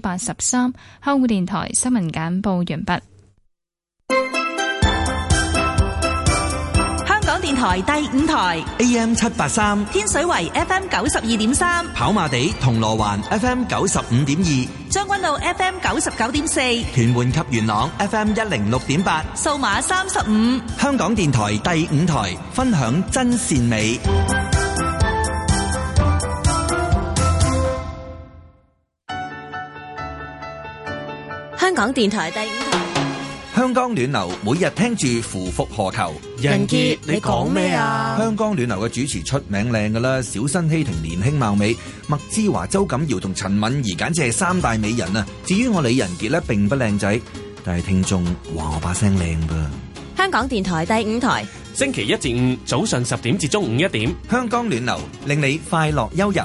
八十三，香港電台新聞簡報完畢。香港電台第五台，AM 七八三，天水圍 FM 九十二點三，跑馬地銅鑼灣 FM 九十五點二，將軍澳 FM 九十九點四，屯門及元朗 FM 一零六點八，數碼三十五，香港電台第五台，分享真善美。香港電台第五台《香港暖流》，每日聽住夫復何求？仁杰，你講咩啊？《香港暖流》嘅主持出名靚噶啦，小新希婷年輕貌美，麥之華、周錦瑤同陳敏儀簡直係三大美人啊！至於我李仁杰咧，並不靚仔，但係聽眾話我把聲靚噶。香港電台第五台，星期一至五早上十點至中午一點，《香港暖流》令你快樂悠遊。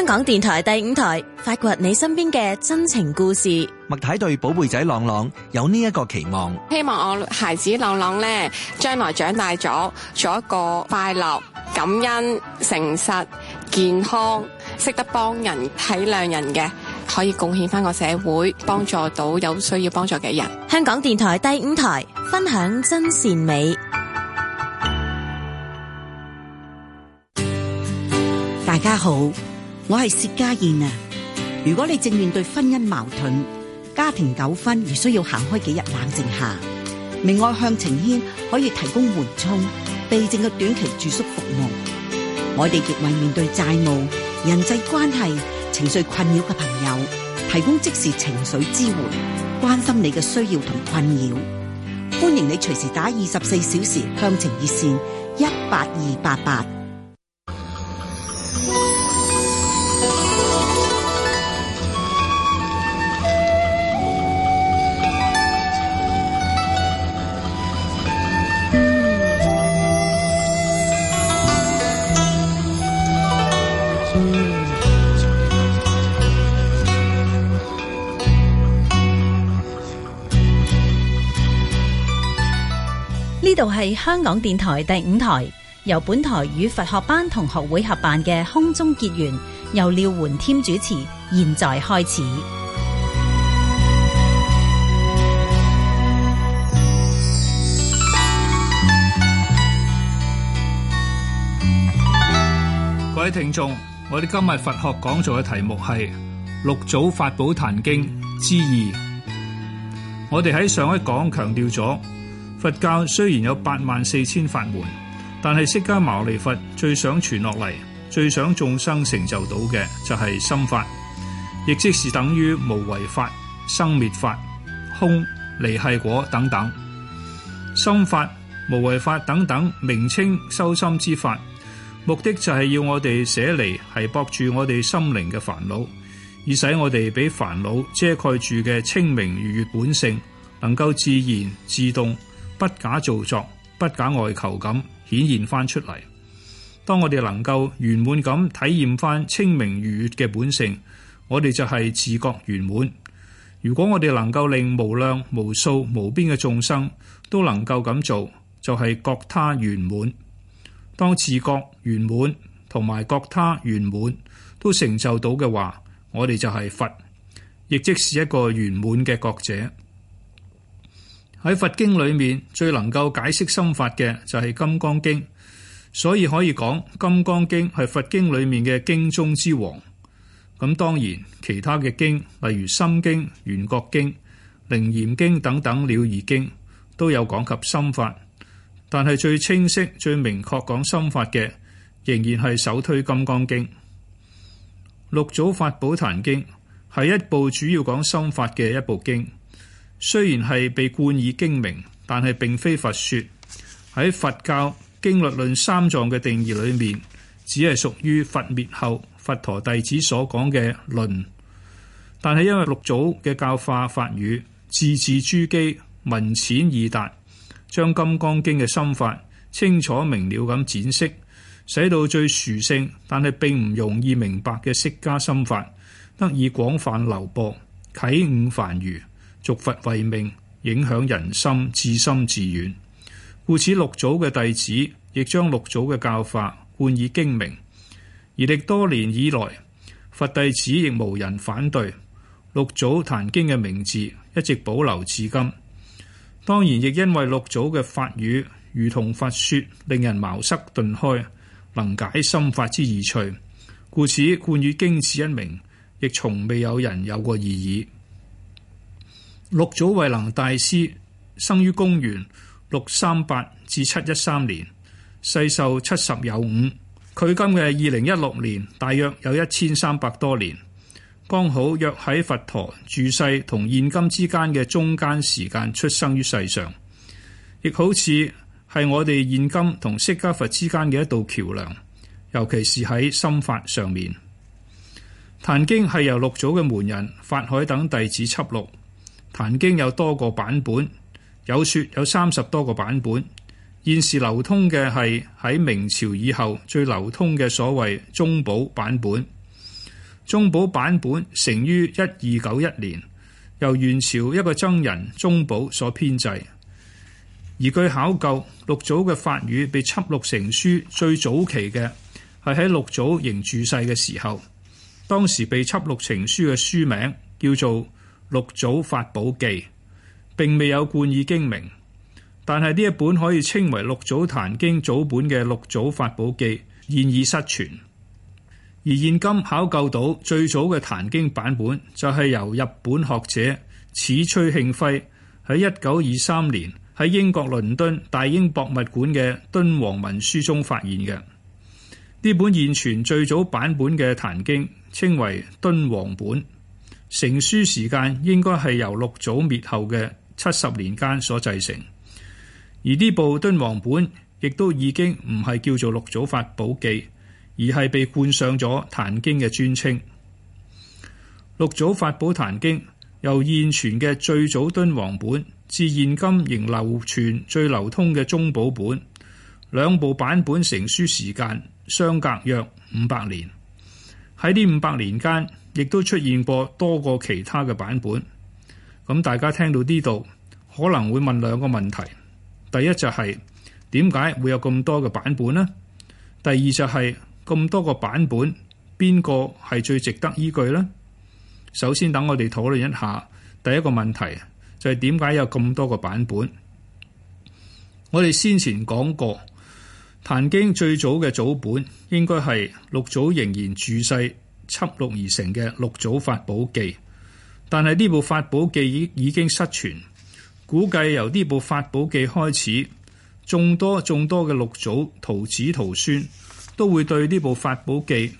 香港電台第五台，發掘你身邊嘅真情故事。麥太對寶貝仔朗朗有呢一個期望，希望我孩子朗朗呢，將來長大咗，做一個快樂、感恩、誠實、健康，識得幫人體諒人嘅，可以貢獻翻個社會，幫助到有需要幫助嘅人。香港電台第五台，分享真善美。大家好。我係薛家燕啊！如果你正面對婚姻矛盾、家庭糾紛而需要行開幾日冷靜下，明愛向晴軒可以提供緩衝避靜嘅短期住宿服務。我哋亦為面對債務、人際關係情緒困擾嘅朋友提供即時情緒支援，關心你嘅需要同困擾。歡迎你隨時打二十四小時向晴熱線一八二八八。呢度係香港電台第五台，由本台與佛學班同學會合辦嘅空中結緣，由廖垣添主持，現在開始。各位聽眾，我哋今日佛學講座嘅題目係《六祖法寶壇經》之二，我哋喺上一講強調咗。佛教雖然有八萬四千法門，但係釋迦牟尼佛最想傳落嚟、最想眾生成就到嘅就係、是、心法，亦即是等於無為法、生滅法、空、離繫果等等心法、無為法等等名稱修心之法。目的就係要我哋捨離繫博住我哋心靈嘅煩惱，以使我哋俾煩惱遮蓋住嘅清明愉悅本性，能夠自然自動。不假造作，不假外求咁顯現翻出嚟。當我哋能夠圓滿咁體驗翻清明如月嘅本性，我哋就係自覺圓滿。如果我哋能夠令無量無數無邊嘅眾生都能夠咁做，就係覺他圓滿。當自覺圓滿同埋覺他圓滿都成就到嘅話，我哋就係佛，亦即是一個圓滿嘅覺者。喺佛經裏面，最能夠解釋心法嘅就係《金剛經》，所以可以講《金剛經》係佛經裏面嘅經中之王。咁當然，其他嘅經例如《心經》、《圓覺經》、《楞嚴經》等等了義經都有講及心法，但係最清晰、最明確講心法嘅，仍然係首推《金剛經》。《六祖法寶壇經》係一部主要講心法嘅一部經。雖然係被冠以經名，但係並非佛説。喺佛教經律論三藏嘅定義裏面，只係屬於佛滅後佛陀弟子所講嘅論。但係因為六祖嘅教化法語字字珠璣、文淺易達，將《金剛經》嘅心法清楚明了咁展釋，寫到最殊勝，但係並唔容易明白嘅釋家心法得以廣泛流播，啟悟凡愚。續佛為命，影響人心，至心自遠，故此六祖嘅弟子亦將六祖嘅教法冠以經名，而歷多年以來佛弟子亦無人反對六祖壇經嘅名字一直保留至今。當然，亦因為六祖嘅法語如同佛說，令人茅塞頓開，能解心法之疑趣，故此冠以經字一名，亦從未有人有過異議。六祖慧能大師生於公元六三八至七一三年，世壽七十有五。距今嘅二零一六年大約有一千三百多年，剛好約喺佛陀住世同現今之間嘅中間時間，出生於世上，亦好似係我哋現今同釋迦佛之間嘅一道橋樑，尤其是喺心法上面。《壇經》係由六祖嘅門人法海等弟子輯錄。《壇經》有多個版本，有說有三十多個版本。現時流通嘅係喺明朝以後最流通嘅所謂宗寶版本。宗寶版本成於一二九一年，由元朝一個僧人宗寶所編制。而據考究，六祖嘅法語被輯錄成書，最早期嘅係喺六祖仍住世嘅時候，當時被輯錄成書嘅書名叫做，六祖法寶記並未有冠以經名，但係呢一本可以稱為六祖壇經祖本嘅六祖法寶記現已失傳，而現今考究到最早嘅壇經版本，就係由日本學者矢吹慶輝喺一九二三年喺英國倫敦大英博物館嘅敦煌文書中發現嘅。呢本現存最早版本嘅壇經，稱為敦煌本。成書時間應該係由六祖滅後嘅七十年間所製成，而呢部敦煌本亦都已經唔係叫做六祖法寶記，而係被冠上咗《壇經》嘅尊稱。六祖法寶壇經由現存嘅最早敦煌本至現今仍流傳最流通嘅宗寶本，兩部版本成書時間相隔約五百年。喺呢五百年間，亦都出現過多個其他嘅版本，咁大家聽到呢度可能會問兩個問題：第一就係點解會有咁多嘅版本呢？第二就係、是、咁多個版本邊個係最值得依據呢？首先等我哋討論一下第一個問題，就係點解有咁多個版本？我哋先前講過《壇經》最早嘅祖本應該係六祖仍然住世，輯錄而成嘅六祖法寶記，但係呢部法寶記已已經失傳，估計由呢部法寶記開始，眾多眾多嘅六祖徒子徒孫都會對呢部法寶記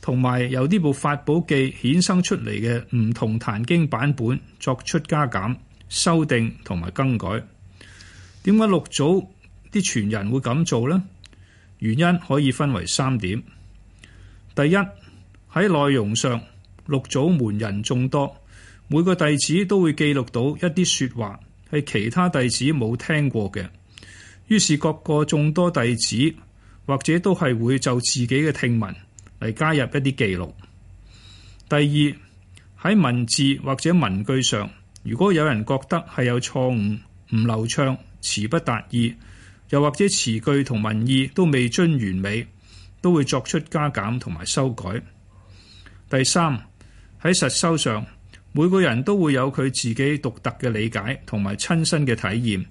同埋由呢部法寶記衍生出嚟嘅唔同壇經版本作出加減、修訂同埋更改。點解六祖啲傳人會咁做呢？原因可以分為三點。第一，喺內容上，六祖門人眾多，每個弟子都會記錄到一啲説話係其他弟子冇聽過嘅。於是各個眾多弟子或者都係會就自己嘅聽聞嚟加入一啲記錄。第二，喺文字或者文句上，如果有人覺得係有錯誤、唔流暢、詞不達意，又或者詞句同文意都未盡完美，都會作出加減同埋修改。第三，喺實修上，每個人都會有佢自己獨特嘅理解同埋親身嘅體驗，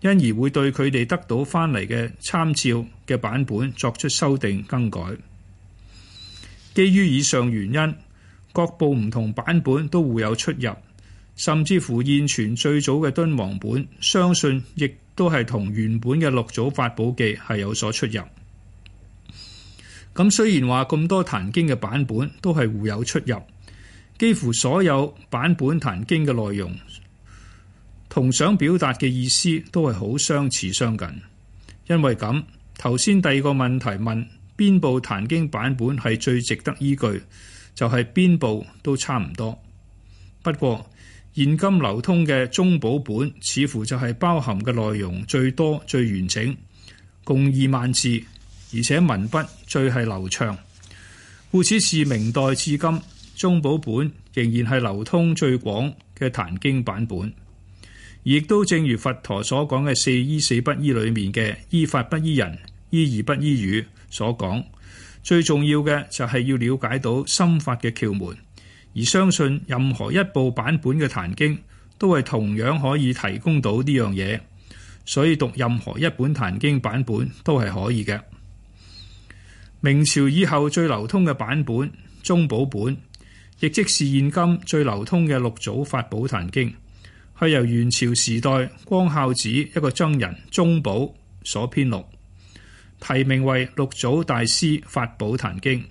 因而會對佢哋得到翻嚟嘅參照嘅版本作出修訂更改。基於以上原因，各部唔同版本都會有出入，甚至乎現存最早嘅敦煌本，相信亦都係同原本嘅六祖法寶記係有所出入。咁雖然話咁多《壇經》嘅版本都係互有出入，幾乎所有版本《壇經》嘅內容同想表達嘅意思都係好相似相近。因為咁，頭先第二個問題問邊部《壇經》版本係最值得依據，就係、是、邊部都差唔多。不過現今流通嘅宗寶本似乎就係包含嘅內容最多最完整，共二萬字。而且文筆最係流暢，故此自明代至今宗寶本仍然係流通最廣嘅《壇經》版本。亦都正如佛陀所講嘅四依四不依裏面嘅依法不依人，依義不依語所講，最重要嘅就係要了解到心法嘅竅門。而相信任何一部版本嘅《壇經》都係同樣可以提供到呢樣嘢，所以讀任何一本《壇經》版本都係可以嘅。明朝以後最流通嘅版本《宗寶本》，亦即是現今最流通嘅《六祖法寶壇經》係由元朝時代光孝寺一個僧人宗寶所編錄，題名為六祖大師法寶壇經，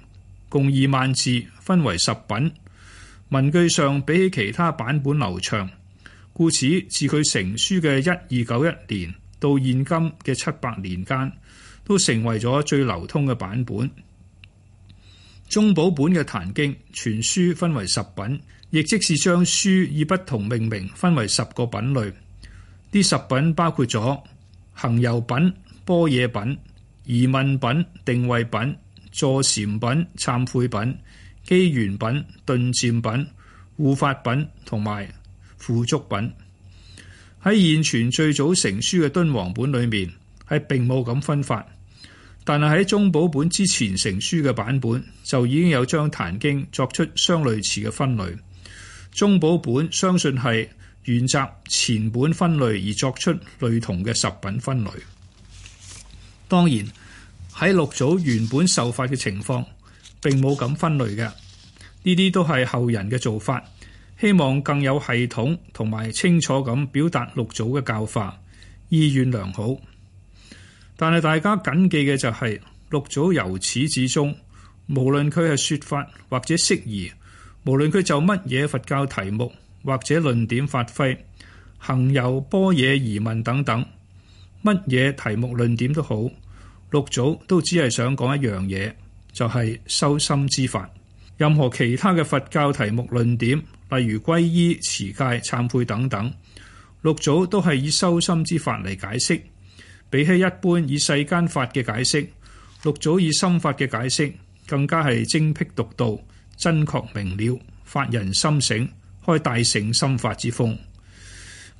共二萬字，分為十品。文句上比起其他版本流暢，故此自佢成書嘅一二九一年到現今嘅七百年間。都成為咗最流通嘅版本。宗寶本嘅《壇經》全書分為十品，亦即是將書以不同命名分為十個品類。啲十品包括咗行由品、般若品、疑問品、定慧品、坐禪品、懺悔品、機緣品、頓漸品、護法品同埋付囑品。喺現存最早成書嘅敦煌本裏面，係並冇咁分法。但係喺宗寶本之前成書嘅版本就已經有將《壇經》作出相類似嘅分類。宗寶本相信係原澤前本分類而作出類同嘅十品分類。當然喺六祖原本受法嘅情況並冇咁分類嘅，呢啲都係後人嘅做法，希望更有系統同埋清楚咁表達六祖嘅教法，意願良好。但係大家謹記嘅就係六祖由始至終，無論佢係説法或者釋疑，無論佢就乜嘢佛教題目或者論點發揮、行有般若疑問等等，乜嘢題目論點都好，六祖都只係想講一樣嘢，就係修心之法。任何其他嘅佛教題目論點，例如皈依、持戒、懺悔等等，六祖都係以修心之法嚟解釋。比起一般以世間法嘅解釋，六祖以心法嘅解釋更加係精辟獨到、真確明了，發人心醒，開大乘心法之風。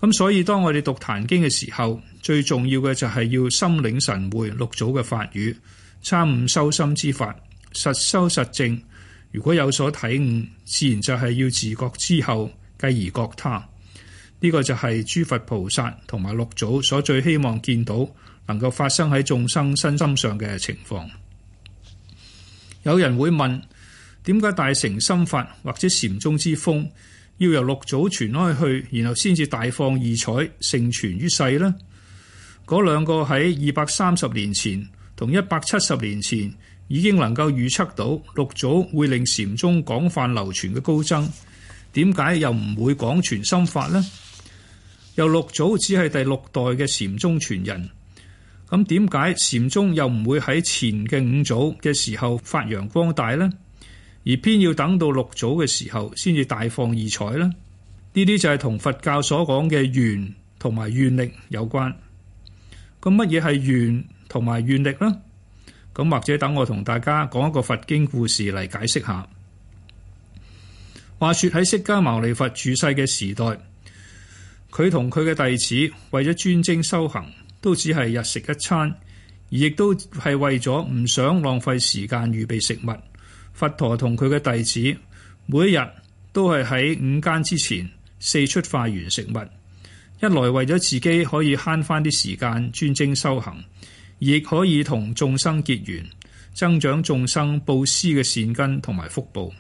咁所以當我哋讀《壇經》嘅時候，最重要嘅就係要心領神會六祖嘅法語，參悟修心之法，實修實證。如果有所體悟，自然就係要自覺之後，繼而覺他。呢個就係諸佛菩薩同埋六祖所最希望見到、能夠發生喺眾生身心上嘅情況。有人會問：點解大乘心法或者禪宗之風要由六祖傳開去，然後先至大放異彩、盛傳於世呢？嗰兩個喺二百三十年前同一百七十年前已經能夠預測到六祖會令禪宗廣泛流傳嘅高僧，點解又唔會廣傳心法呢？又六祖只係第六代嘅禪宗傳人，咁點解禪宗又唔會喺前嘅五祖嘅時候發揚光大呢？而偏要等到六祖嘅時候先至大放異彩呢？呢啲就係同佛教所講嘅願同埋願力有關。咁乜嘢係願同埋願力呢？咁或者等我同大家講一個佛經故事嚟解釋下。話說喺釋迦牟尼佛住世嘅時代。佢同佢嘅弟子為咗專精修行，都只係日食一餐，而亦都係為咗唔想浪費時間預備食物。佛陀同佢嘅弟子每一日都係喺午間之前四出化緣食物，一來為咗自己可以慳翻啲時間專精修行，亦可以同眾生結緣，增長眾生布施嘅善根同埋福報。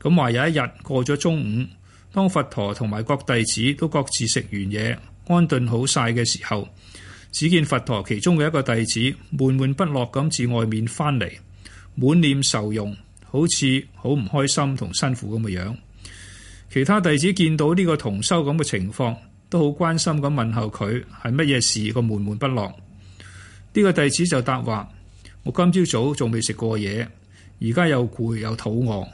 咁話有一日過咗中午。當佛陀同埋各弟子都各自食完嘢，安頓好晒嘅時候，只見佛陀其中嘅一個弟子悶悶不樂咁自外面返嚟，滿臉愁容，好似好唔開心同辛苦咁嘅樣。其他弟子見到呢個同修咁嘅情況，都好關心咁問候佢係乜嘢事個悶悶不樂。呢個弟子就答話：我今朝早仲未食過嘢，而家又攰又肚餓。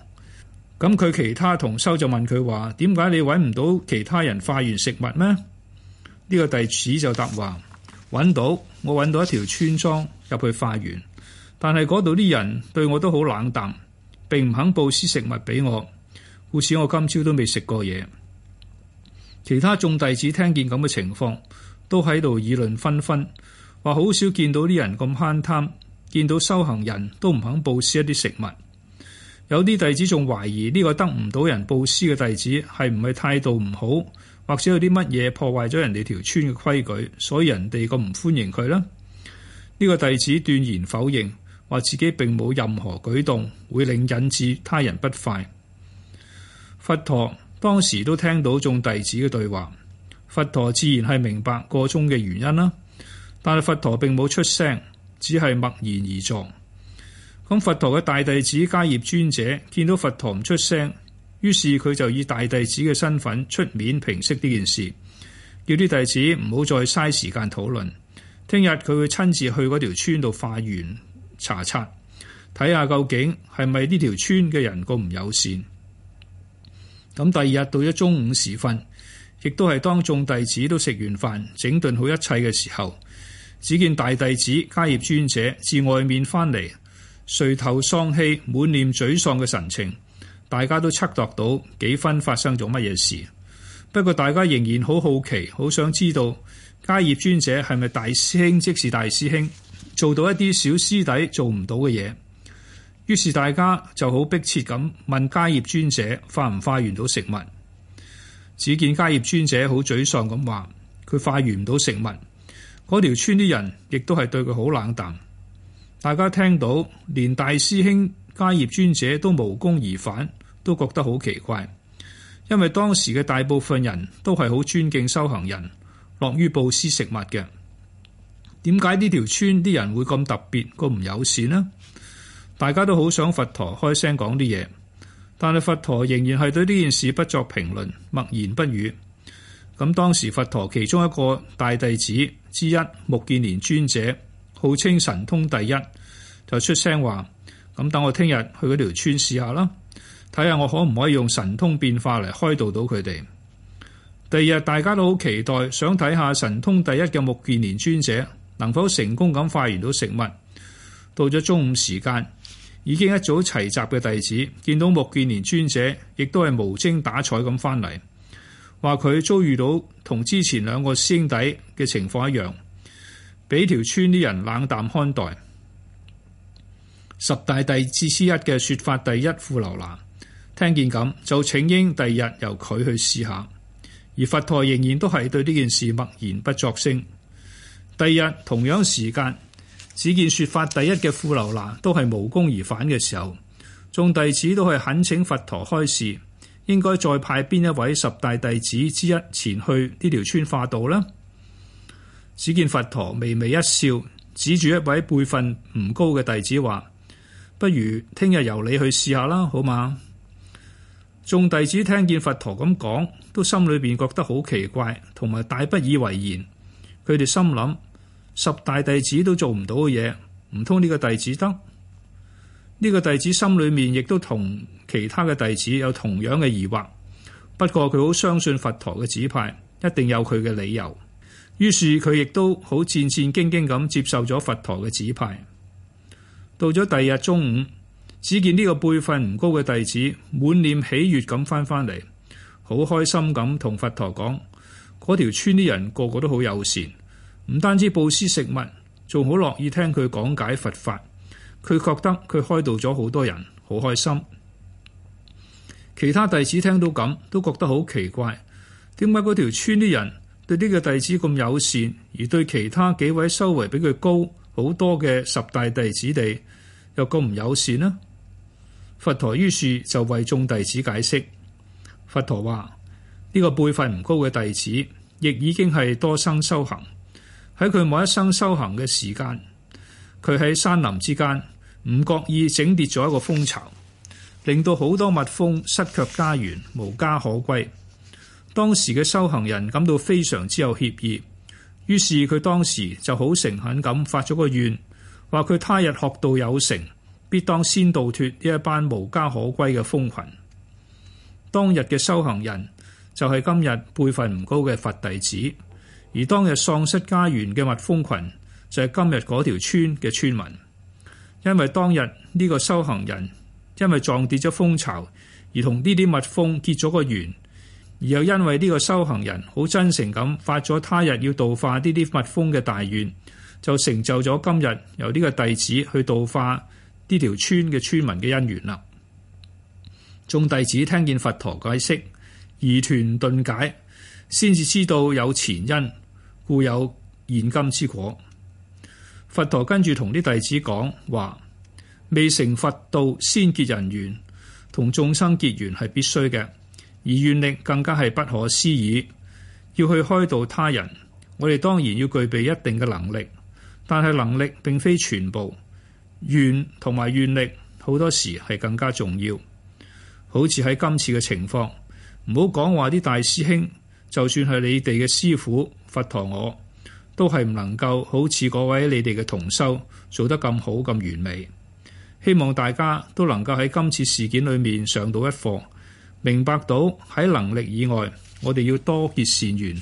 咁佢其他同修就問佢話：點解你揾唔到其他人化緣食物咩？這」呢個弟子就答話：揾到，我揾到一條村莊入去化緣，但係嗰度啲人對我都好冷淡，並唔肯布施食物俾我，故此我今朝都未食過嘢。其他眾弟子聽見咁嘅情況，都喺度議論紛紛，話好少見到啲人咁慳貪，見到修行人都唔肯布施一啲食物。有啲弟子仲懷疑呢個得唔到人報施嘅弟子係唔係態度唔好，或者有啲乜嘢破壞咗人哋條村嘅規矩，所以人哋咁唔歡迎佢啦。呢、呢個弟子斷言否認，話自己並冇任何舉動會令引致他人不快。佛陀當時都聽到眾弟子嘅對話，佛陀自然係明白個中嘅原因啦，但係佛陀並冇出聲，只係默然而坐。咁佛陀嘅大弟子迦葉尊者見到佛陀唔出聲，於是佢就以大弟子嘅身份出面平息呢件事，叫啲弟子唔好再嘥時間討論，聽日佢會親自去嗰條村度化緣查察，睇下究竟係咪呢條村嘅人個唔友善。咁第二日到咗中午時分，亦都係當眾弟子都食完飯，整頓好一切嘅時候，只見大弟子迦葉尊者自外面翻嚟，垂頭喪氣、滿臉沮喪嘅神情，大家都測度到幾分發生咗乜嘢事。不過大家仍然好好奇，好想知道迦葉尊者係咪大師兄，即是大師兄做到一啲小師弟做唔到嘅嘢。於是大家就好迫切咁問迦葉尊者，化唔化緣到食物？只見迦葉尊者好沮喪咁話，佢化緣唔到食物。嗰條村啲人亦都係對佢好冷淡。大家聽到連大師兄迦葉尊者都無功而返，都覺得好奇怪，因為當時嘅大部分人都係好尊敬修行人，樂於布施食物嘅。點解呢條村啲人會咁特別，咁唔友善呢？大家都好想佛陀開聲講啲嘢，但係佛陀仍然係對呢件事不作評論，默言不語。咁當時佛陀其中一個大弟子之一目犍連尊者。號稱神通第一，就出聲話，咁等我聽日去嗰條村試下啦，睇下我可唔可以用神通變化嚟開導到佢哋。第二日，大家都好期待，想睇下神通第一嘅目犍連尊者能否成功咁化緣到食物。到咗中午時間，已經一早齊集嘅弟子見到目犍連尊者，亦都係無精打采咁返嚟，話佢遭遇到同之前兩個師兄弟嘅情況一樣。俾條村啲人冷淡看待，十大弟子之一嘅説法第一富樓那聽見咁就請纓，翌日由佢去試下，而佛陀仍然都係對呢件事默然不作聲。翌日同樣時間，只見説法第一嘅富樓那都係無功而返嘅時候，眾弟子都係懇請佛陀開示，應該再派邊一位十大弟子之一前去呢條村化道呢？只見佛陀微微一笑，指住一位輩分唔高嘅弟子話，不如聽日由你去試下啦，好嗎？眾弟子聽見佛陀咁講，都心裏邊覺得好奇怪，同埋大不以為然。佢哋心諗十大弟子都做唔到嘅嘢，唔通呢個弟子得？呢個弟子心裏面亦都同其他嘅弟子有同樣嘅疑惑。不過佢好相信佛陀嘅指派，一定有佢嘅理由。於是佢亦都好戰戰兢兢咁接受咗佛陀嘅指派。到咗第二日中午，只見呢個輩分唔高嘅弟子滿臉喜悅咁翻返嚟，好開心咁同佛陀講：嗰條村啲人個個都好友善，唔單止布施食物，仲好樂意聽佢講解佛法。佢覺得佢開導咗好多人，好開心。其他弟子聽到咁，都覺得好奇怪，點解嗰條村啲人對呢個弟子咁友善，而對其他幾位修為比佢高好多嘅十大弟子哋，又咁唔友善呢？佛陀於是就為眾弟子解釋。佛陀話：呢個輩分唔高嘅弟子，亦已經係多生修行。喺佢某一生修行嘅時間，佢喺山林之間唔覺意整跌咗一個蜂巢，令到好多蜜蜂失卻家園，無家可歸。當時嘅修行人感到非常之有歉意，於是佢當時就好誠懇咁發咗個願，話佢他，他日學道有成，必當先度脫呢一班無家可歸嘅蜂群。當日嘅修行人就係今日輩份唔高嘅佛弟子，而當日喪失家園嘅蜜蜂群就係今日嗰條村嘅村民。因為當日呢個修行人因為撞跌咗蜂巢，而同呢啲蜜蜂結咗個緣。而又因為呢個修行人好真誠咁發咗他日要度化呢啲蜜蜂嘅大願，就成就咗今日由呢個弟子去度化呢條村嘅村民嘅因緣啦。眾弟子聽見佛陀解釋，疑團頓解，先至知道有前因，故有現今之果。佛陀跟住同啲弟子講話：未成佛道，先結人緣，同眾生結緣係必須嘅。而願力更加係不可思議，要去開導他人。我哋當然要具備一定嘅能力，但係能力並非全部。願同埋願力好多時係更加重要。好似喺今次嘅情況，唔好講話啲大師兄，就算係你哋嘅師傅、佛陀，我都係唔能夠好似嗰位你哋嘅同修做得咁好咁完美。希望大家都能夠喺今次事件裏面上到一課。明白到喺能力以外，我哋要多結善緣，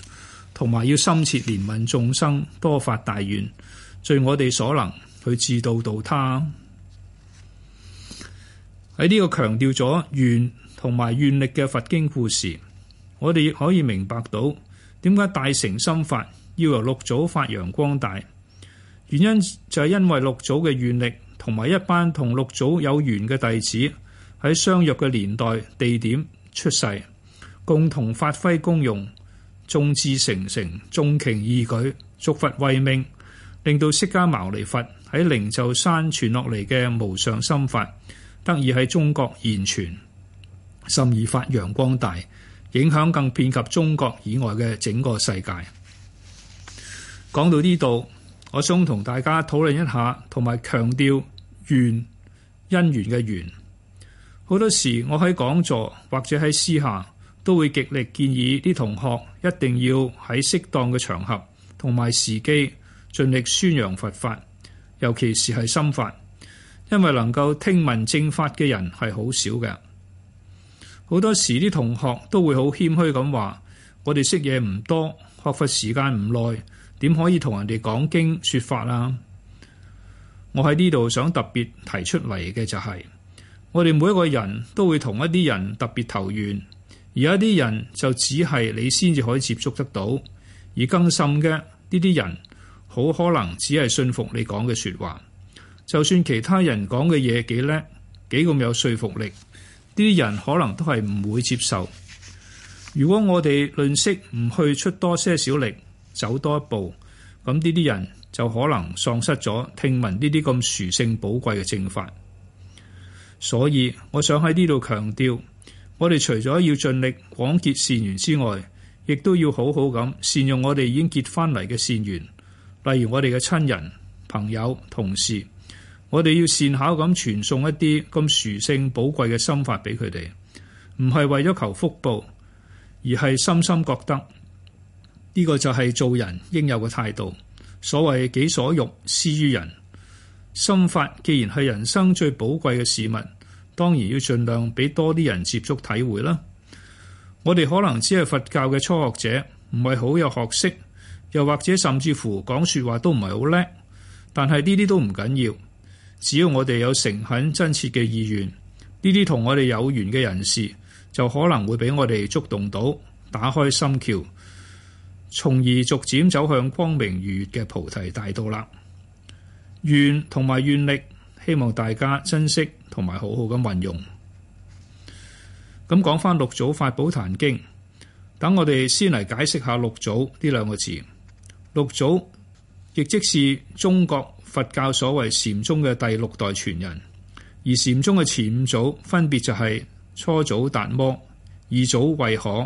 同埋要深切憐憫眾生，多發大願，盡我哋所能去自度度他。喺呢個強調咗願同埋願力嘅佛經故事，我哋亦可以明白到點解大乘心法要由六祖發揚光大。原因就係因為六祖嘅願力同埋一班同六祖有緣嘅弟子。喺相約嘅年代、地點出世，共同發揮功用，眾志成城，眾擎易舉，續佛慧命，令到釋迦牟尼佛喺靈鷲山傳落嚟嘅無上心法，得以喺中國言傳，甚而發揚光大，影響更遍及中國以外嘅整個世界。講到呢度，我想同大家討論一下，同埋強調緣，因緣嘅緣。好多時我喺講座或者喺私下都會極力建議啲同學一定要喺適當嘅場合同埋時機盡力宣揚佛法，尤其是係心法，因為能夠聽聞正法嘅人係好少嘅。好多時啲同學都會好謙虛咁話：「我哋識嘢唔多，學佛時間唔耐，點可以同人哋講經說法啊？我喺呢度想特別提出嚟嘅就係、是。我哋每一個人都會同一啲人特別投緣，而一啲人就只係你先至可以接觸得到。而更深嘅呢啲人，好可能只係信服你講嘅説話。就算其他人講嘅嘢幾叻幾咁有說服力，啲人可能都係唔會接受。如果我哋論識唔去出多些少力走多一步，咁呢啲人就可能喪失咗聽聞呢啲咁殊勝寶貴嘅正法。所以我想喺呢度強調，我哋除咗要盡力廣結善緣之外，亦都要好好咁善用我哋已經結翻嚟嘅善緣，例如我哋嘅親人、朋友、同事，我哋要善巧咁傳送一啲咁殊勝、寶貴嘅心法俾佢哋，唔係為咗求福報，而係深深覺得呢、這個就係做人應有嘅態度。所謂己所欲施於人，心法既然係人生最寶貴嘅事物。當然要盡量俾多啲人接觸體會啦。我哋可能只係佛教嘅初學者，唔係好有學識，又或者甚至乎講説話都唔係好叻，但係呢啲都唔緊要。只要我哋有誠懇真切嘅意願，呢啲同我哋有緣嘅人士就可能會俾我哋觸動到，打開心橋，從而逐漸走向光明愉悅嘅菩提大道啦。願同埋願力，希望大家珍惜。同埋好好咁運用。咁講翻六祖法寶壇經，等我哋先嚟解釋下六祖呢兩個字。六祖亦即是中國佛教所謂禪宗嘅第六代傳人，而禪宗嘅前五祖分別就係初祖達摩、二祖慧可、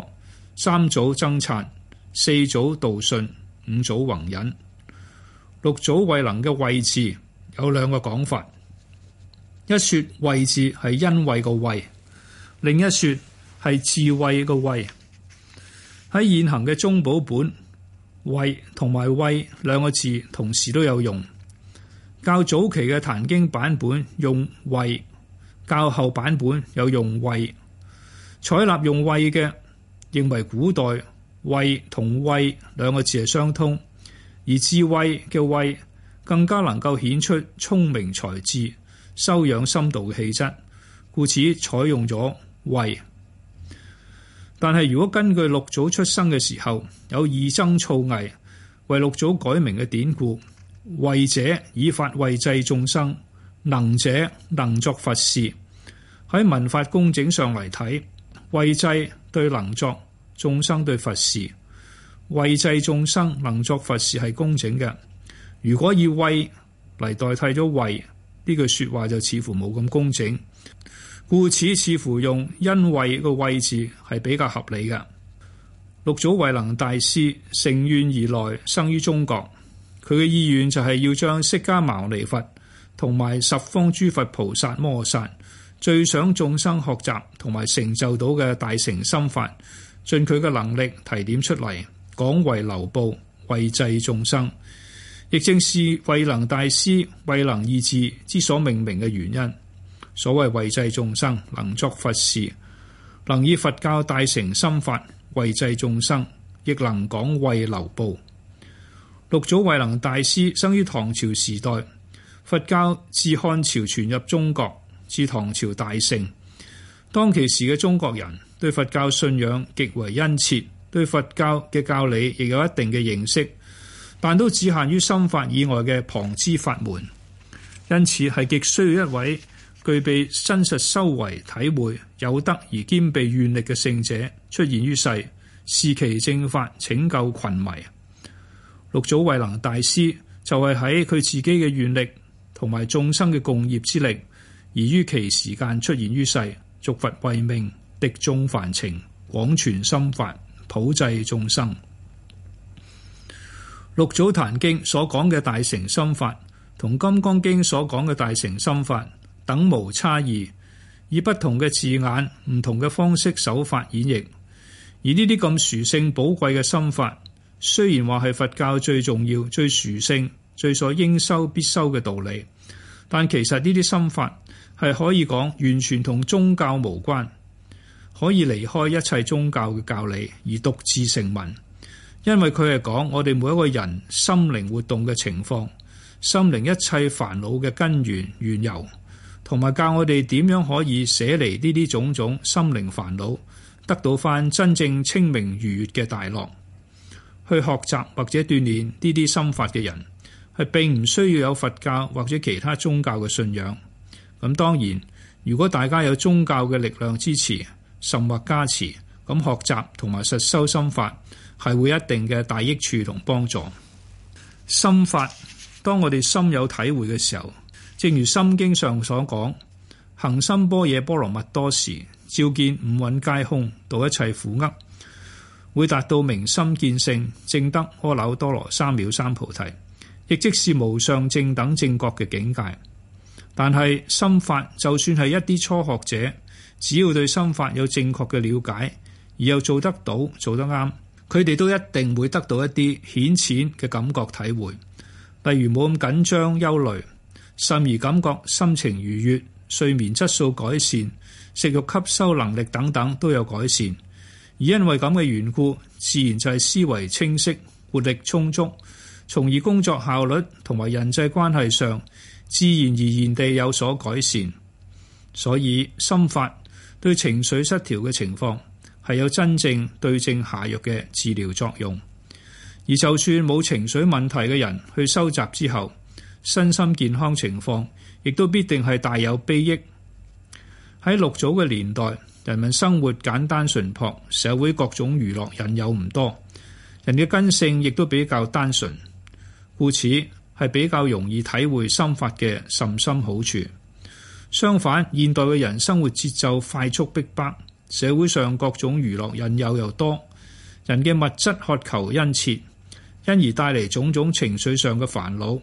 三祖僧璨、四祖道信、五祖弘忍。六祖慧能嘅位置有兩個講法。一說惠字係恩惠個惠，另一說係智慧個慧。喺現行嘅宗寶本惠同埋慧兩個字同時都有用。較早期嘅《壇經》版本用惠，較後版本有用慧。採納用慧嘅，認為古代惠同慧兩個字係相通，而智慧嘅慧更加能夠顯出聰明才智。修養深度嘅氣質，故此採用咗慧。但係如果根據六祖出生嘅時候有二僧造詣為六祖改名嘅典故，慧者以法慧濟眾生，能者能作佛事。喺文法工整上嚟睇，慧濟對能作，眾生對佛事，慧濟眾生能作佛事係工整嘅。如果以慧嚟代替咗慧。呢句說話就似乎冇咁工整，故此似乎用因為個位置係比較合理嘅。六祖慧能大師乘願而來，生於中國，佢嘅意願就係要將釋迦牟尼佛同埋十方諸佛菩薩、摩薩最想眾生學習同埋成就到嘅大乘心法，盡佢嘅能力提點出嚟，廣為流布，惠濟眾生。亦正是慧能大師慧能二字之所命名嘅原因。所謂慧濟眾生，能作佛事，能以佛教大乘心法慧濟眾生，亦能講慧流布。六祖慧能大師生於唐朝時代，佛教自漢朝傳入中國，至唐朝大盛。當其時嘅中國人對佛教信仰極為殷切，對佛教嘅教理亦有一定嘅認識。但都只限於心法以外嘅旁支法門，因此係極需要一位具備真實修為體會有德而兼備願力嘅聖者出現於世，示其正法，拯救群迷。六祖慧能大師就係喺佢自己嘅願力同埋眾生嘅共業之力，而於其時間出現於世，續佛慧命，敵眾凡情，廣傳心法，普濟眾生。六祖壇經所講嘅大乘心法，同金剛經所講嘅大乘心法等無差異，以不同嘅字眼、唔同嘅方式、手法演繹。而呢啲咁殊勝寶貴嘅心法，雖然話係佛教最重要、最殊勝、最所應修必修嘅道理，但其實呢啲心法係可以講完全同宗教無關，可以離開一切宗教嘅教理而獨自成文。因為佢係講我哋每一個人心靈活動嘅情況，心靈一切煩惱嘅根源緣由，同埋教我哋點樣可以捨離呢啲種種心靈煩惱，得到返真正清明愉悅嘅大樂。去學習或者鍛煉呢啲心法嘅人係並唔需要有佛教或者其他宗教嘅信仰。咁當然，如果大家有宗教嘅力量支持，甚或加持，咁學習同埋實修心法。係會一定嘅大益處同幫助。心法，當我哋心有體會嘅時候，正如《心經》上所講：行深般若波羅蜜多時，照見五蘊皆空，度一切苦厄。會達到明心見性、證得阿耨多羅三藐三菩提，亦即是無上正等正覺嘅境界。但係心法，就算係一啲初學者，只要對心法有正確嘅了解，而又做得到做得啱，佢哋都一定會得到一啲顯淺嘅感覺體會，例如冇咁緊張、憂慮，甚而感覺心情愉悅、睡眠質素改善、食慾吸收能力等等都有改善。而因為咁嘅緣故，自然就係思維清晰、活力充足，從而工作效率同埋人際關係上，自然而然地有所改善。所以心法對情緒失調嘅情況，係有真正對症下藥嘅治療作用，而就算冇情緒問題嘅人去修習之後，身心健康情況亦都必定係大有裨益。喺六祖嘅年代，人民生活簡單純樸，社會各種娛樂引誘唔多，人嘅根性亦都比較單純，故此係比較容易體會心法嘅甚深好處。相反，現代嘅人生活節奏快速逼迫。社會上各種娛樂引誘又多，人嘅物質渴求殷切，因而帶嚟種種情緒上嘅煩惱，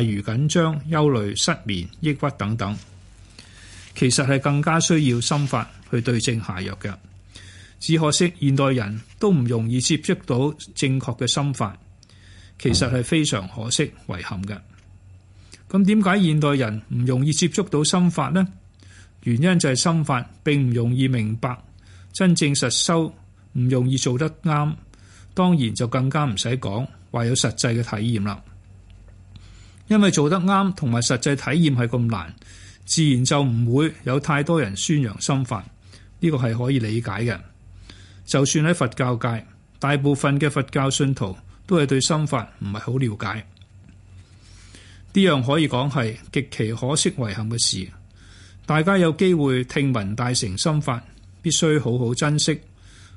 例如緊張、憂慮、失眠、抑鬱等等。其實係更加需要心法去對症下藥嘅。只可惜現代人都唔容易接觸到正確嘅心法，其實係非常可惜遺憾嘅。咁點解現代人唔容易接觸到心法呢？原因就係心法並唔容易明白，真正實修唔容易做得啱，當然就更加唔使講話有實際嘅體驗啦。因為做得啱同埋實際體驗係咁難，自然就唔會有太多人宣揚心法，呢個係可以理解嘅。就算喺佛教界，大部分嘅佛教信徒都係對心法唔係好了解，呢樣可以講係極其可惜遺憾嘅事。大家有機會聽聞大乘心法，必須好好珍惜。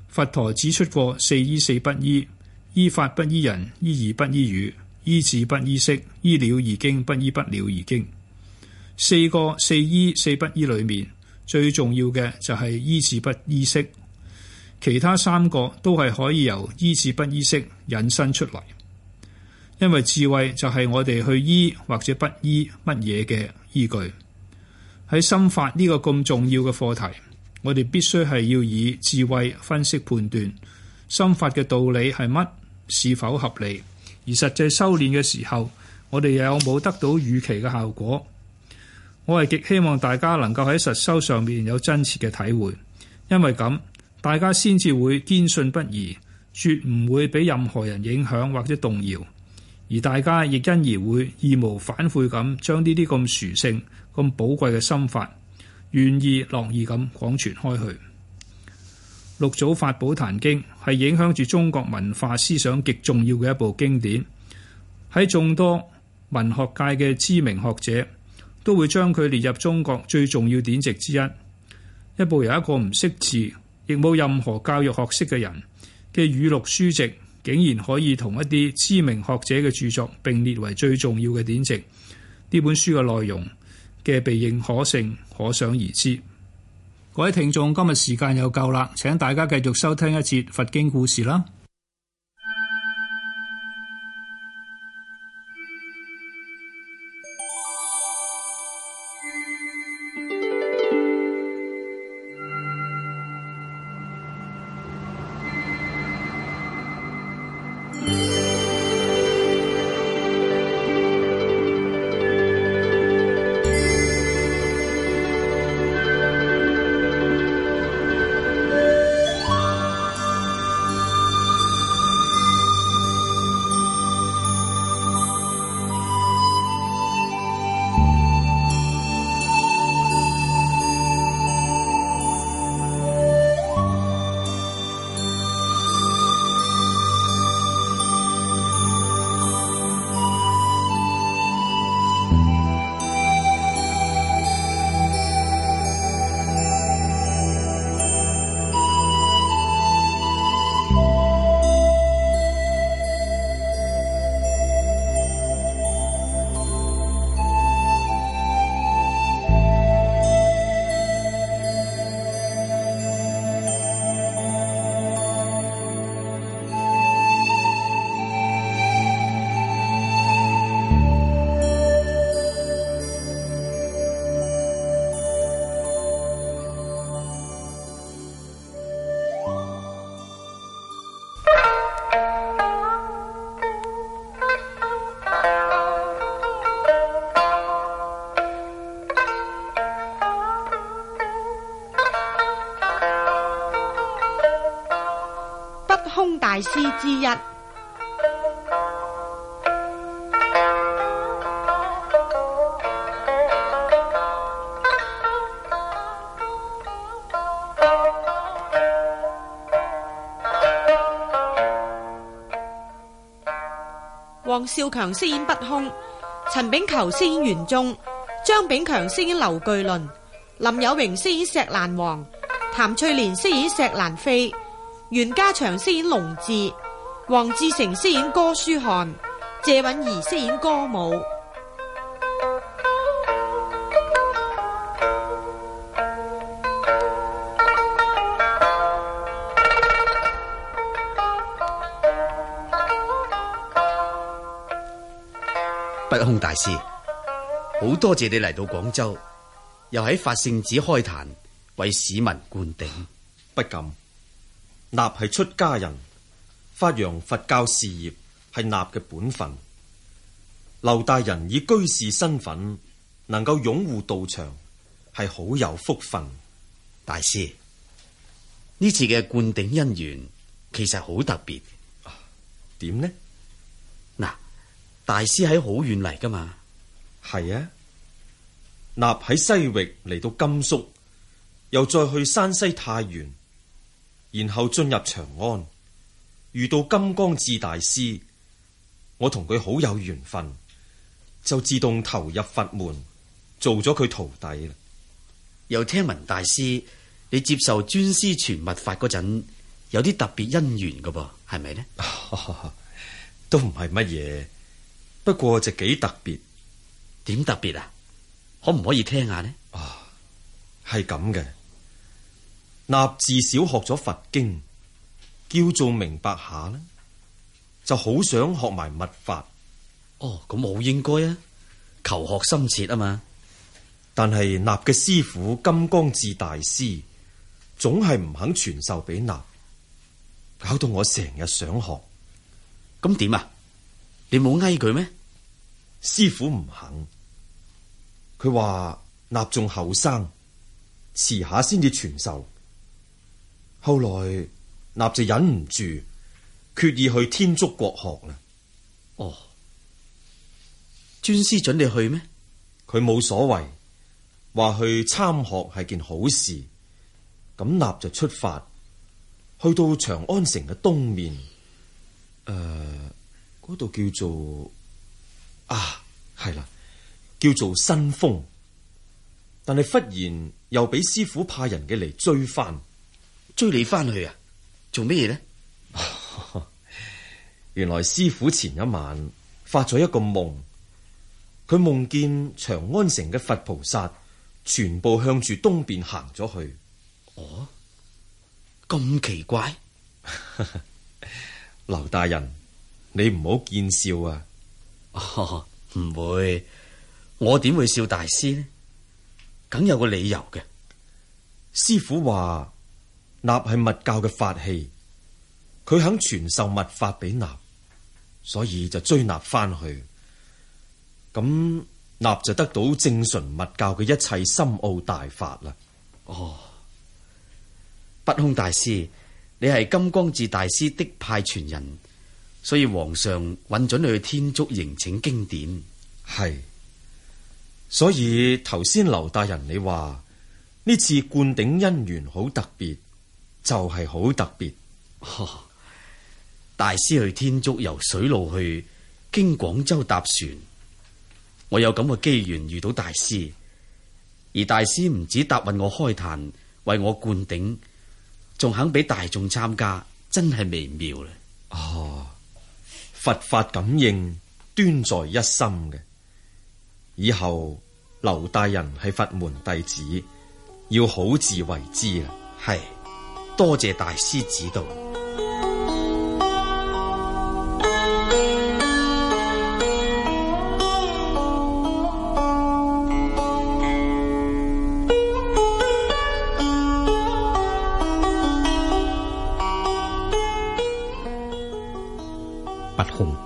佛陀指出過四依四不依：依法不依人，依義不依語，依智不依識，依了義經不依不了義經。四個四依四不依裏面，最重要嘅就係依智不依識，其他三個都係可以由依智不依識引申出嚟，因為智慧就係我哋去依或者不依乜嘢嘅依據。喺心法呢個咁重要嘅課題，我哋必須係要以智慧分析判斷心法嘅道理係乜，是否合理？而實際修煉嘅時候，我哋又有冇得到預期嘅效果？我係極希望大家能夠喺實修上面有真切嘅體會，因為咁大家先至會堅信不疑，絕唔會俾任何人影響或者動搖。而大家亦因而會義無反悔咁將呢啲咁殊勝。咁寶貴嘅心法，願意樂意咁廣傳開去。《六祖法寶壇經》，係影響住中國文化思想極重要嘅一部經典。喺眾多文學界嘅知名學者，都會將佢列入中國最重要典籍之一。一部由一個唔識字，亦冇任何教育學識嘅人嘅語錄書籍，竟然可以同一啲知名學者嘅著作並列為最重要嘅典籍。呢本書嘅內容嘅被認可性可想而知。各位聽眾，今日時間又夠啦，請大家繼續收聽一節佛經故事啦。之一，黃少強飾演不空，陳炳裘飾演玄宗，張炳強飾演劉巨倫，林有榮飾演石蘭王，譚翠蓮飾演石蘭妃，袁家祥飾演龍志。黃志成飾演哥舒翰，謝允儀飾演歌舞。不空大師，好多謝你嚟到廣州，又喺法性寺開壇為市民灌頂。不敢，衲係出家人。發揚佛教事業係納嘅本分。劉大人以居士身份能夠擁護道場，係好有福分大，啊。大師呢次嘅灌頂因緣其實好特別。點呢？嗱，大師喺好遠嚟噶嘛？係啊，納喺西域嚟到甘肅，又再去山西太原，然後進入長安。遇到金剛智大師，我同佢好有緣分，就自動投入佛門，做咗佢徒弟啦。又聽聞大師你接受尊師傳密法嗰陣，有啲特別姻緣噶噃，係咪呢？ 都唔係乜嘢，不過就幾特別。點特別啊？可唔可以聽下呢？啊， 係咁嘅，立志小學咗佛經。叫做明白下呢，就好想學埋密法。哦，咁好應該啊，求學心切啊嘛。但係納嘅師傅金剛智大師總係唔肯傳授俾納，搞到我成日想學。咁點、嗯、啊？你冇求佢咩？師傅唔肯，佢話納仲後生，遲下先至傳授。後來。立就忍唔住，決意去天竺國學啦。哦，尊師准你去咩？佢冇所謂，話去參學係件好事。咁立就出發，去到長安城嘅東面，誒、呃，嗰度叫做啊，係啦，叫做新豐。但係忽然又俾師父派人嘅嚟追翻，追你翻去啊！做咩嘢呢？哦，原來師父前一晚發咗一個夢，佢夢見長安城嘅佛菩薩全部向住東邊行咗去。哦，咁奇怪，劉 大人你唔好見笑啊！唔、哦、會，我點會笑大師呢？梗有個理由嘅，師父話。納係密教嘅法器，佢肯傳授密法俾納，所以就追納翻去。咁納就得到正純密教嘅一切深奧大法啦。哦，不空大師，你係金光智大師的派傳人，所以皇上允准你去天竺迎請經典。係，所以頭先劉大人你話呢次灌頂因緣好特別。就係好特別。哦，大師去天竺由水路去，經廣州搭船。我有咁嘅機緣遇到大師，而大師唔止答運我開壇，為我灌頂，仲肯俾大眾參加，真係微妙啦。哦，佛法感應端在一心嘅。以後劉大人係佛門弟子，要好自為之啊。係。多謝大師指導空。不空，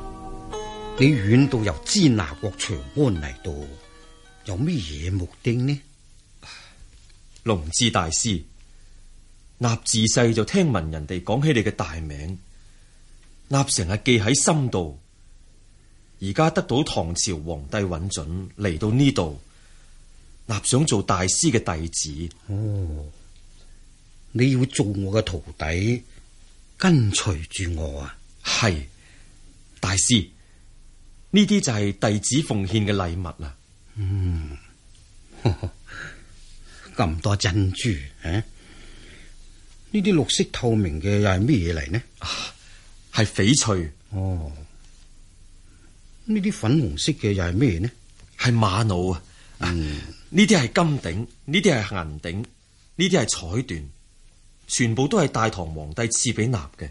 你遠到由支那國長安嚟到，有咩嘢目的呢？龍智大師。立自細就聽聞人哋講起你嘅大名，立成日記喺心度。而家得到唐朝皇帝允准，嚟到呢度，立想做大師嘅弟子。哦，你要做我嘅徒弟，跟隨住我啊！係，大師，呢啲就係弟子奉獻嘅禮物啦。嗯，咁多珍珠，誒、啊。呢啲綠色透明嘅又係咩嘢嚟呢？係、啊、翡翠哦。呢啲粉紅色嘅又係咩嘢呢？係瑪瑙啊。呢啲係金頂，呢啲係銀頂，呢啲係彩緞，全部都係大唐皇帝賜俾納嘅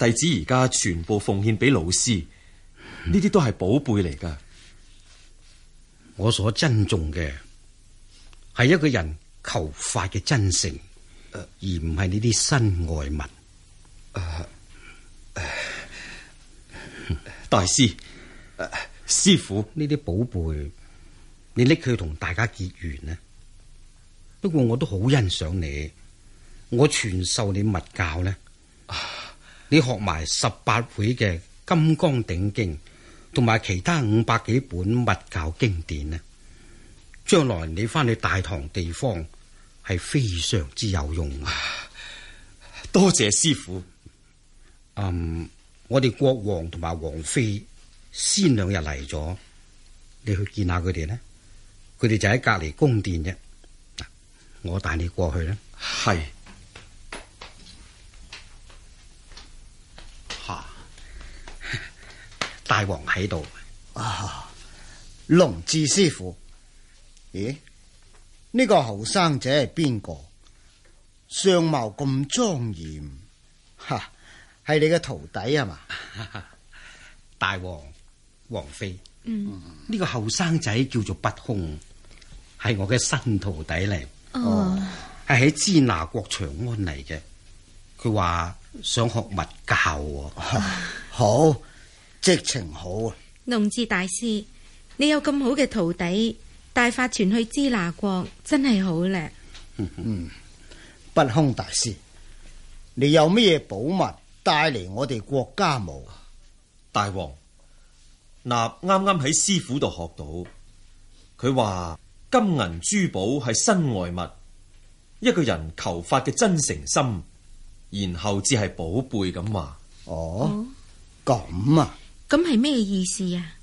弟子。而家全部奉獻俾老師，呢啲都係寶貝嚟噶。嗯、我所珍重嘅係一個人求法嘅真誠。而唔係呢啲身外物，大師、呃、師傅呢啲寶貝，你拎佢同大家結緣呢？不過我都好欣賞你，我傳授你密教呢？呃、你學埋十八會嘅金剛頂經，同埋其他五百幾本密教經典呢？將來你翻去大唐地方。係非常之有用啊！多謝師傅，嗯，um, 我哋國王同埋王妃先兩日嚟咗，你去見下佢哋呢？佢哋就喺隔籬宮殿啫。我帶你過去啦。係是，吓 大王喺度啊！龍智師傅。咦？呢個後生仔係邊個？相貌咁莊嚴，哈，哈，係你嘅徒弟啊嘛？ 大王，王妃，嗯，呢個後生仔叫做不空，係我嘅新徒弟嚟，哦，係喺支那國長安嚟嘅。佢話想學密教，哦、 好，直情好啊。龍智大師，你有咁好嘅徒弟。大法傳去支那國，真係好叻。嗯嗯，不空大師，你有咩寶物帶嚟我哋國家冇？大王，嗱，啱啱喺師傅度學到，佢話金銀珠寶係身外物，一個人求法嘅真誠心，然後至係寶貝咁話。哦，咁、哦、啊，咁係咩意思啊？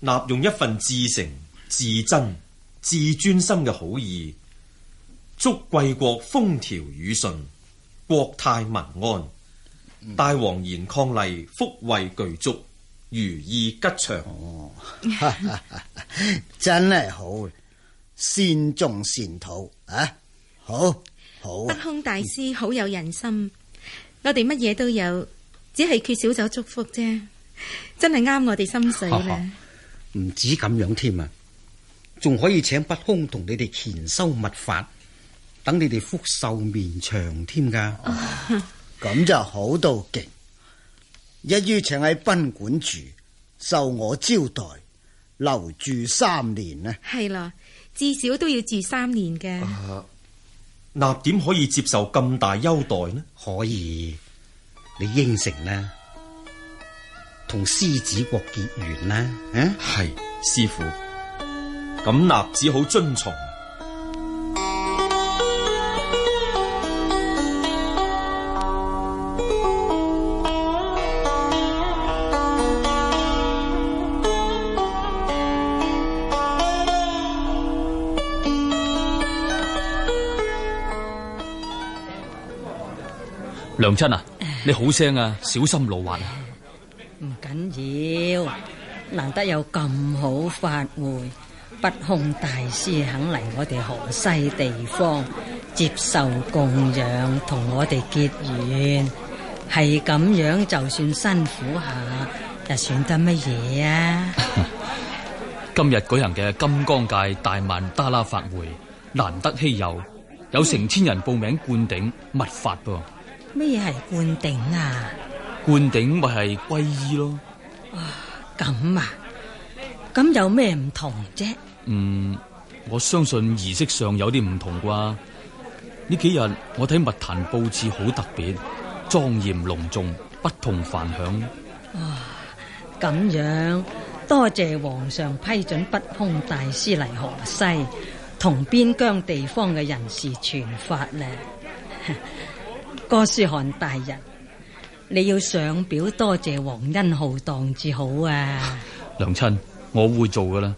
嗱，用一份至誠。自真自尊心嘅好意，祝貴國風調雨順，國泰民安。大王言抗禮，福慧俱足，如意吉祥。哦、哈哈真係好善種善土啊！好，好。不空大師好有人心，嗯、我哋乜嘢都有，只係缺少咗祝福啫。真係啱我哋心水，唔止咁樣添啊！仲可以請不空同你哋虔修密法，等你哋福壽綿長添㗎。咁、 嗯、就好到極， 一於請喺賓館住，受我招待，留住三年呢？係啦，至少都要住三年嘅。嗱點、啊、可以接受咁大優待呢？ 可以，你應承呢。同獅子國結緣呢？嗯，係師傅。咁立只好遵從。梁親啊，你好聲啊，小心老滑啊！唔緊要，難得有咁好法會。不空大師肯嚟我哋河西地方接受供養，同我哋結緣，係咁樣就算辛苦下，又算得乜嘢啊？今日舉行嘅金剛界大曼達拉法會，難得稀有，有成千人報名灌頂密法噃。乜嘢係灌頂啊？灌頂咪係皈依咯。啊，咁啊，咁有咩唔同啫？嗯，我相信儀式上有啲唔同啩。呢幾日我睇，密壇布置好特別，莊嚴隆重，不同凡響。啊、哦，咁樣多謝皇上批准不空大師嚟河西同邊疆地方嘅人士傳法呢。哥斯漢大人，你要上表多謝皇恩浩蕩至好啊！ 娘親，我會做噶啦。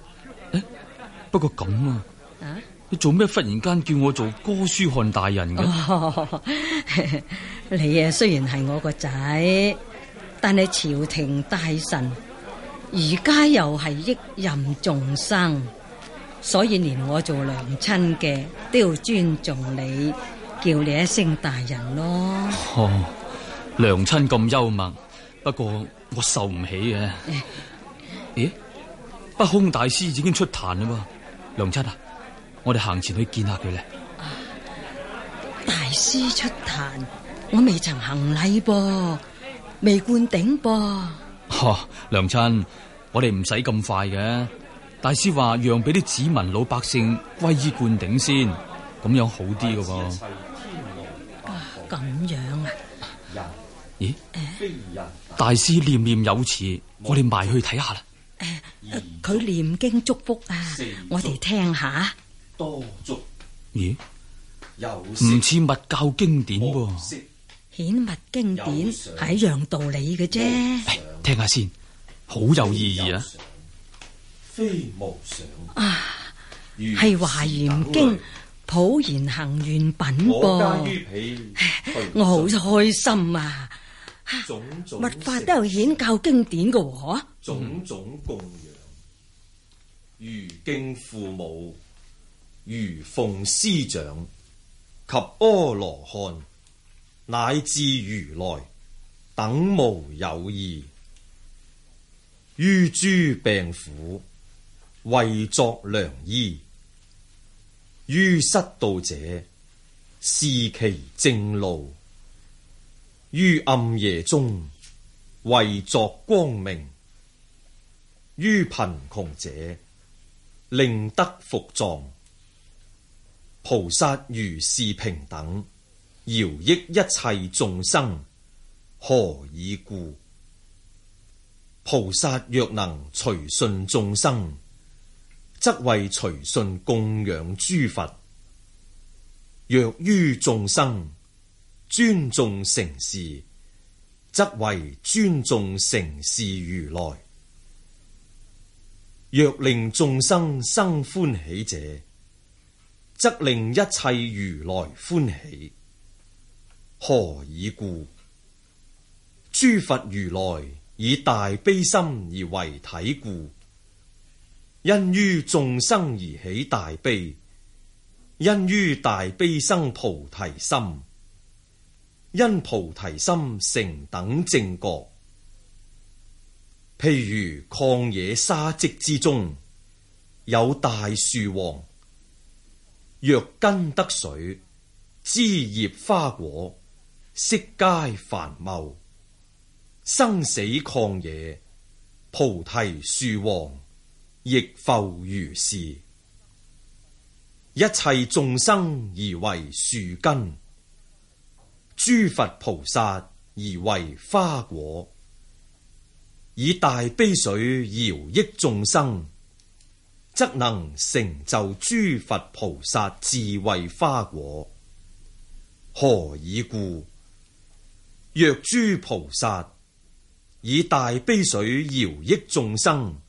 不過咁啊，啊你做咩忽然間叫我做哥舒翰大人嘅、哦？你啊，雖然係我個仔，但係朝廷大臣，而家又係益任眾生，所以連我做娘親嘅都要尊重你，叫你一聲大人咯。哦、娘親咁幽默，不過我受唔起啊。咦、哎？不空大師已經出壇啦喎？梁親啊，我哋行前去見下佢咧、啊。大師出壇，我未曾行禮噃，未灌頂噃。哈、啊，梁親，我哋唔使咁快嘅。大師話讓俾啲子民老百姓歸依灌頂先，咁樣好啲噶噃。咁、啊、樣啊？咦、啊？啊啊、大師念念有詞，我哋埋去睇下啦。佢念經祝福啊！我哋聽下。咦？唔似佛教經典喎。顯密經典係一樣道理嘅啫。聽下先，好有意義啊！非無常啊！係華嚴經普賢行願品噃。我好開心啊！種種、啊、物法都有顯教經典嘅、啊，種種供養，如敬父母，如奉師長，及阿羅漢，乃至如來等無有異。於諸病苦，為作良醫；於失道者，示其正路。於暗夜中為作光明，於貧窮者令得伏藏。菩薩如是平等饒益一切眾生，何以故？菩薩若能隨順眾生，則為隨順供養諸佛。若於眾生。尊重承事，則為尊重承事如來。若令眾生生歡喜者，則令一切如來歡喜。何以故？諸佛如來以大悲心而為體故，因於眾生而起大悲，因於大悲生菩提心。因菩提心成等正覺，譬如曠野沙積之中有大樹王，若根得水，枝葉花果悉皆繁茂；生死曠野菩提樹王亦復如是，一切眾生而為樹根。諸佛菩薩而為花果，以大悲水饒益眾生，則能成就諸佛菩薩智慧花果。何以故？若諸菩薩以大悲水饒益眾生，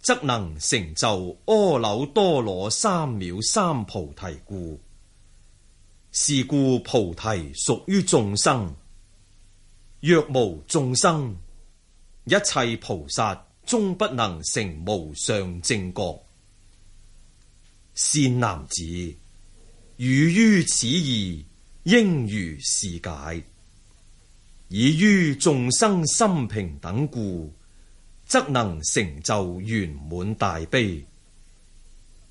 則能成就阿耨多羅三藐三菩提故。是故菩提屬於眾生，若無眾生，一切菩薩終不能成無上正覺。善男子，汝於此義應如是解，以於眾生心平等故，則能成就圓滿大悲，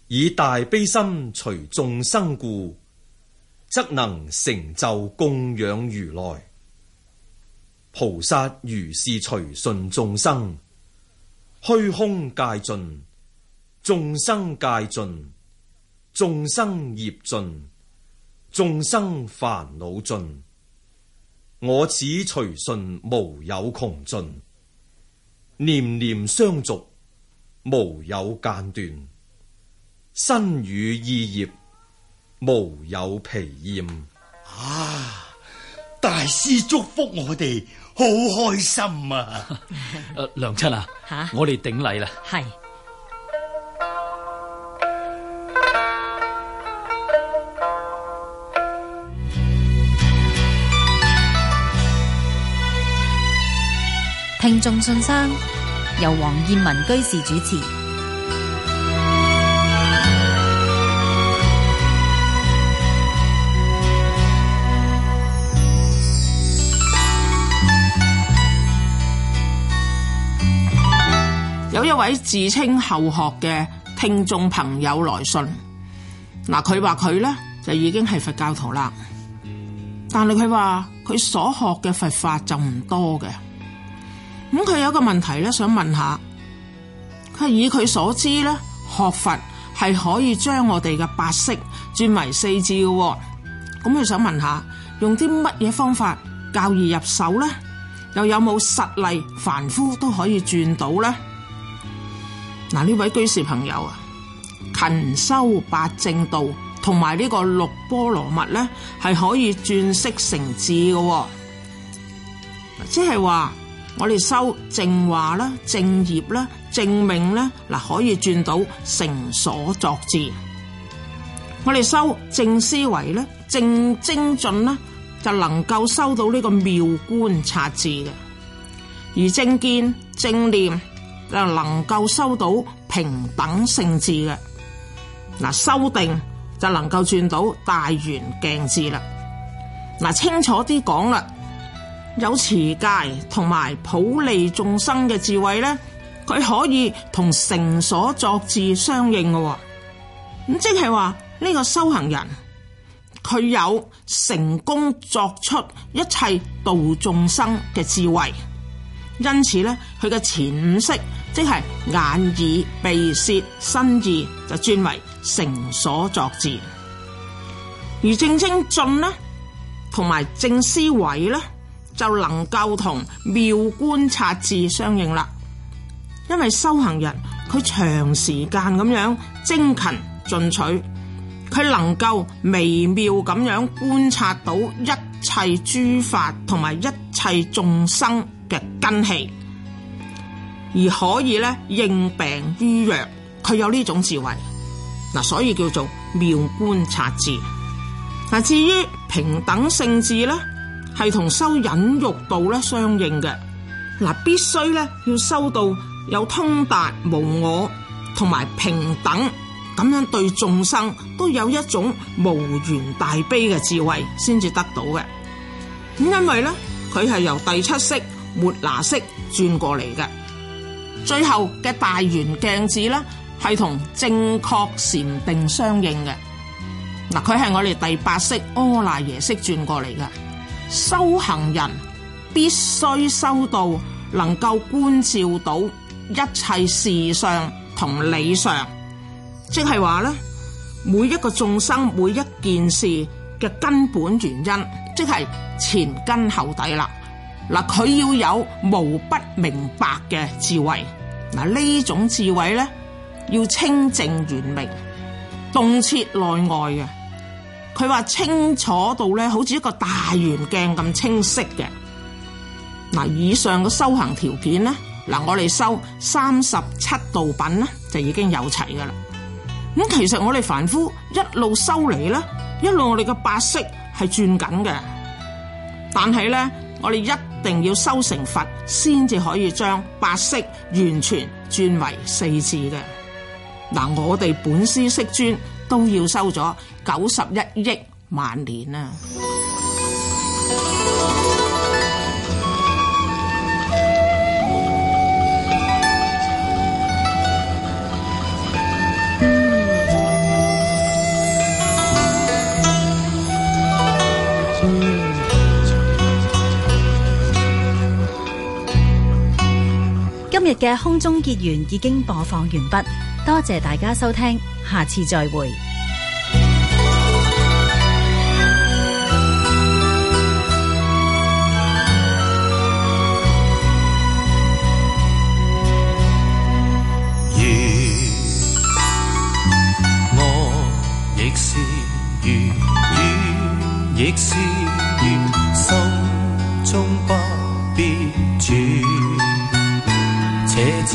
以大悲心隨眾生故。則能成就供養如來，菩薩如是隨順眾生，虛空界盡，眾生界盡，眾生業盡，眾生煩惱盡，我此隨順無有窮盡，念念相續，無有間斷，身與意業，無有疲厭啊！大師祝福我哋，好開心啊！梁親 娘啊，吓，我哋頂禮啦。係聽眾信箱，由黃燕文居士主持。位自稱後學嘅聽眾朋友來信，嗱，佢話佢呢就已經係佛教徒啦，但係佢話佢所學嘅佛法就唔多嘅。咁佢有一個問題咧，想問下，佢以佢所知呢，學佛係可以將我哋嘅八識轉為四智嘅，咁佢想問下，用啲乜嘢方法教易入手呢？又有冇實例凡夫都可以轉到呢？嗱，呢位居士朋友啊，勤修八正道同埋呢個六波羅蜜咧，係可以轉識成智嘅。即係話我哋修正話啦、正業啦、正命咧，嗱，可以轉到成所作智。我哋修正思維咧、正精進啦，就能夠收到呢個妙觀察智嘅。而正見、正念。能夠收到平等性智嘅。嗱，修定就能夠轉到大圓鏡智啦。嗱，清楚啲講啦，有持戒同埋普利眾生嘅智慧咧，佢可以同成所作智相應嘅。咁即係話呢個修行人，佢有成功作出一切度眾生嘅智慧，因此咧佢嘅前五識。即係眼耳鼻舌身意就轉為成所作智，而正精進呢，同埋正思維呢，就能夠同妙觀察智相應啦。因為修行人佢長時間咁樣精勤進取，佢能夠微妙咁樣觀察到一切諸法同埋一切眾生嘅根器。而可以咧，應病與藥，佢有呢種智慧嗱，所以叫做妙觀察智。嗱，至於平等性智咧，係同修忍辱度咧相應嘅嗱，必須咧要修到有通達無我同埋平等咁樣對眾生都有一種無緣大悲嘅智慧先至得到嘅。咁因為咧，佢係由第七識末那識轉過嚟嘅。最後嘅大圓鏡智咧，係同正確禪定相應嘅。嗱，佢係我哋第八識「阿賴耶識」轉過嚟嘅。修行人必須修到能夠觀照到一切事上同理上，即係話咧，每一個眾生每一件事嘅根本原因，即係前根後底啦。嗱，佢要有無不明白嘅智慧，嗱呢種智慧咧，要清淨圓明，洞徹內外嘅。佢話清楚到咧，好似一個大圓鏡咁清晰嘅。嗱，以上嘅修行條件咧，嗱，我哋修三十七道品咧，就已經有齊噶啦。咁其實我哋凡夫一路修嚟咧，一路我哋嘅八識係轉緊嘅，但係咧，我哋一一定要修成佛，先至可以將八識完全轉為四智嘅。嗱，我哋本師釋尊都要修咗九十一億萬年啊！嘅空中結緣已經播放完畢，多謝大家收聽，下次再會。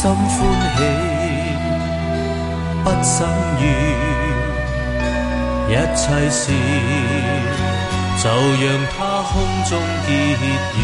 心歡喜，不生怨，一切事就讓它空中結緣。